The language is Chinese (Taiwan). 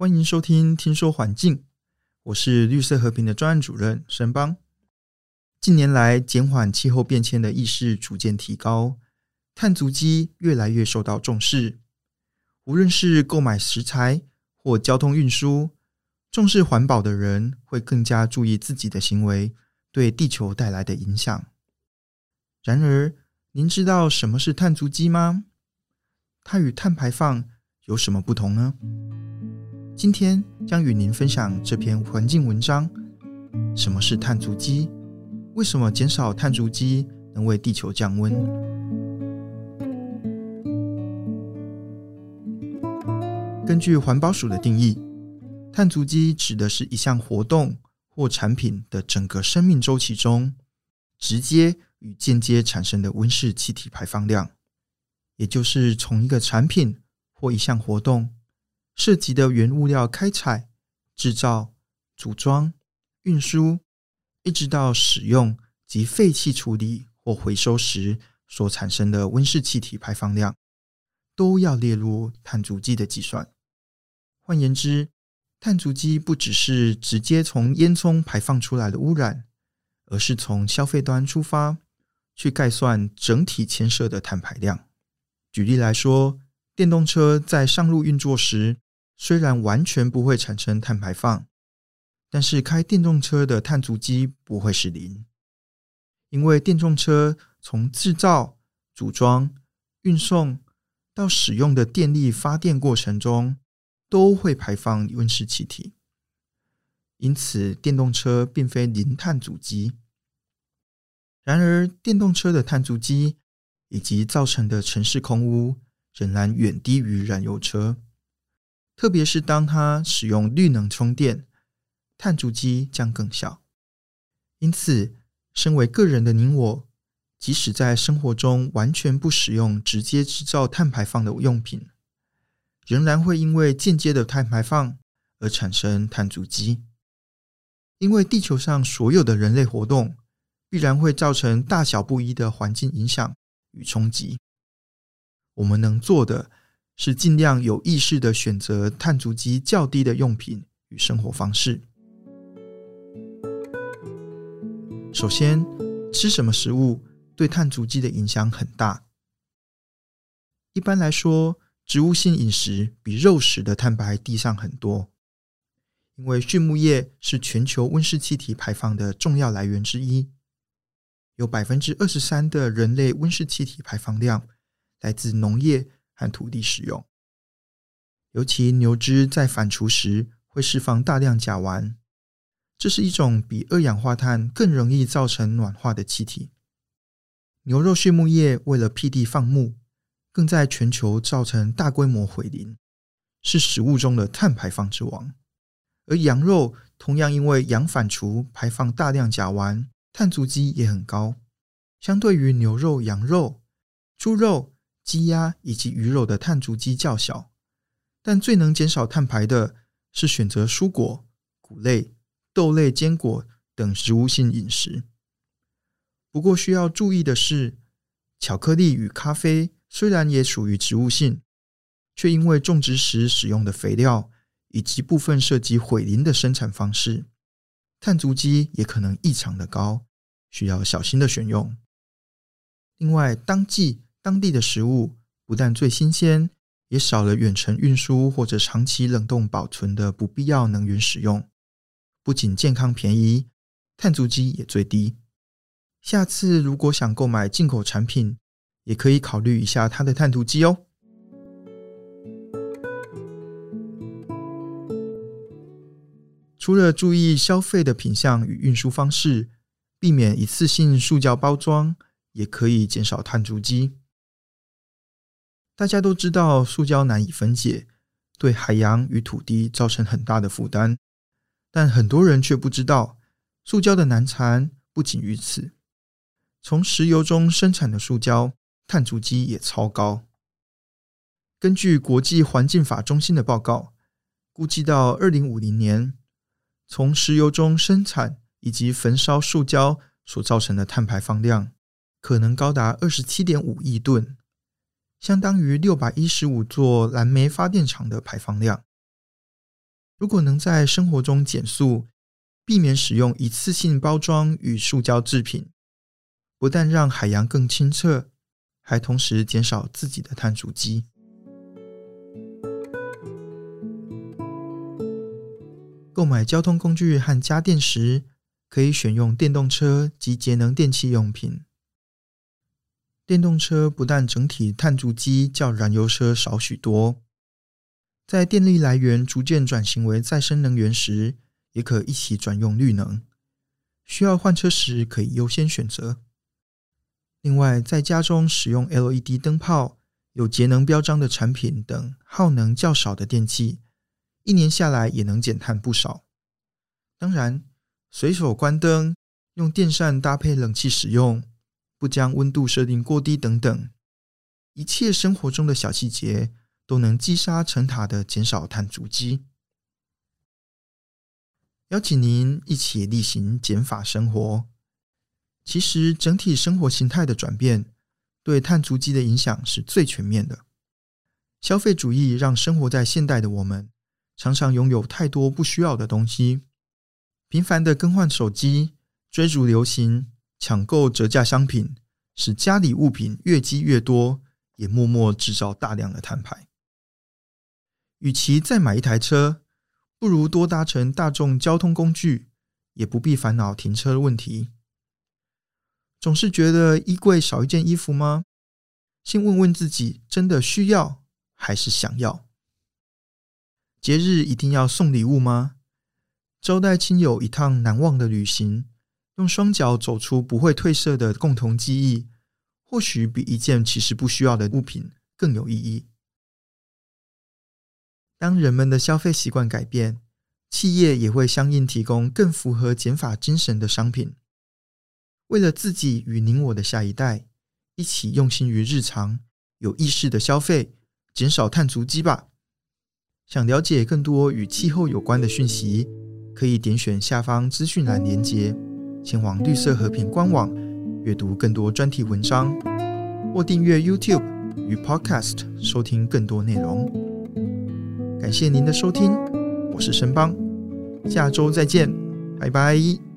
歡迎收聽《聽說環境》，我是綠色和平的專案主任沈邦。近年來，減緩氣候變遷的意識逐漸提高，碳足跡越來越受到重視。無論是購買食材或交通運輸，重視環保的人會更加注意自己的行為對地球帶來的影響。然而，您知道什麼是碳足跡嗎？它與碳排放有什麼不同呢？今天將與您分享這篇環境文章：什麼是碳足跡？為什麼減少碳足跡能為地球降溫？根據環保署的定義，碳足跡指的是一項活動或產品的整個生命週期中，直接與間接產生的溫室氣體排放量，也就是從一個產品或一項活動，涉及的原物料開採、製造、組裝、運輸，一直到使用及廢棄處理或回收時所產生的溫室氣體排放量，都要列入碳足跡的計算。換言之，碳足跡不只是直接從煙囪排放出來的汙染，而是從消費端出發，去概算整體牽涉的碳排量。舉例來說，電動車在上路運作時，雖然完全不會產生碳排放，但是開電動車的碳足跡不會是零，因為電動車從製造、組裝、運送到使用的電力發電過程中，都會排放溫室氣體，因此電動車並非零碳足跡。然而，電動車的碳足跡以及造成的城市空污，仍然遠低於燃油車。特別是當它使用綠能充電，碳足跡將更小。因此，身為個人的你我，即使在生活中完全不使用直接製造碳排放的用品，仍然會因為間接的碳排放而產生碳足跡。因為地球上所有的人類活動，必然會造成大小不一的環境影響與衝擊。我們能做的，是儘量有意識地選擇碳足跡較低的用品與生活方式。首先，吃什麼食物對碳足跡的影響很大。一般來說，植物性飲食比肉食的碳排低上很多。因為畜牧業是全球溫室氣體排放的重要來源之一。有23，有百分之二十三的人類溫室氣體排放量來自農業。和土地使用，尤其牛隻，在反芻時會釋放大量甲烷，這是一種比二氧化碳更容易造成暖化的氣體。牛肉畜牧業為了闢地放牧，更在全球造成大規模毀林，是食物中的碳排放之王。而羊肉同樣因為羊反芻排放大量甲烷，碳足跡也很高。相對於牛肉、羊肉、豬肉。雞鴨以及魚肉的碳足跡較小，但最能減少碳排的是選擇蔬果、穀類、豆類、堅果等植物性飲食。不過需要注意的是，巧克力與咖啡雖然也屬於植物性，卻因為種植時使用的肥料以及部分涉及毀林的生產方式，碳足跡也可能異常的高，需要小心的選用。另外，當季，當地的食物不但最新鮮，也少了遠程運輸或者長期冷凍保存的不必要能源使用。不僅健康便宜，碳足跡也最低。下次如果想購買進口產品，也可以考慮一下它的碳足跡哦。除了注意消費的品項與運輸方式，避免一次性塑膠包裝，也可以減少碳足跡。大家都知道，塑膠難以分解，對海洋與土地造成很大的負擔。但很多人卻不知道，塑膠的難纏不僅於此。從石油中生產的塑膠，碳足跡也超高。根據國際環境法中心的報告，估計到二零五零年，從石油中生產以及焚燒塑膠所造成的碳排放量，可能高達二十七點五億噸。相當於六百一十五座燃煤發電廠的排放量，如果能在生活中減塑，避免使用一次性包裝與塑膠製品，不但讓海洋更清澈，還同時減少自己的碳足跡。購買交通工具和家電時，可以選用電動車及節能電器用品。電動車不但整體碳足跡較燃油車少許多，在電力來源逐漸轉型為再生能源時，也可一起轉用綠能。需要換車時，可以優先選擇。另外，在家中使用 LED 燈泡、有節能標章的產品等耗能較少的電器，一年下來也能減碳不少。當然，隨手關燈、用電扇搭配冷氣使用。不將溫度設定過低等等，一切生活中的小細節都能積沙成塔的減少碳足跡。邀請您一起力行減法生活。其實整體生活形態的轉變對碳足跡的影響是最全面的。消費主義讓生活在現代的我們常常擁有太多不需要的東西，頻繁的更換手機，追逐流行。搶購折價商品，使家裡物品越積越多，也默默製造大量的碳排。與其再買一台車，不如多搭乘大眾交通工具，也不必煩惱停車的問題。總是覺得衣櫃少一件衣服嗎？先問問自己，真的需要還是想要？節日一定要送禮物嗎？招待親友一趟難忘的旅行？用雙腳走出不會褪色的共同記憶，或許比一件其實不需要的物品更有意義。當人們的消費習慣改變，企業也會相應提供更符合減法精神的商品。為了自己與您我的下一代，一起用心於日常，有意識的消費，減少碳足跡吧。想了解更多與氣候有關的訊息，可以點選下方資訊欄連結。前往綠色和平官網閱讀更多專題文章，或訂閱 YouTube 與 Podcast 收聽更多內容。感謝您的收聽，我是申邦，下週再見，拜拜。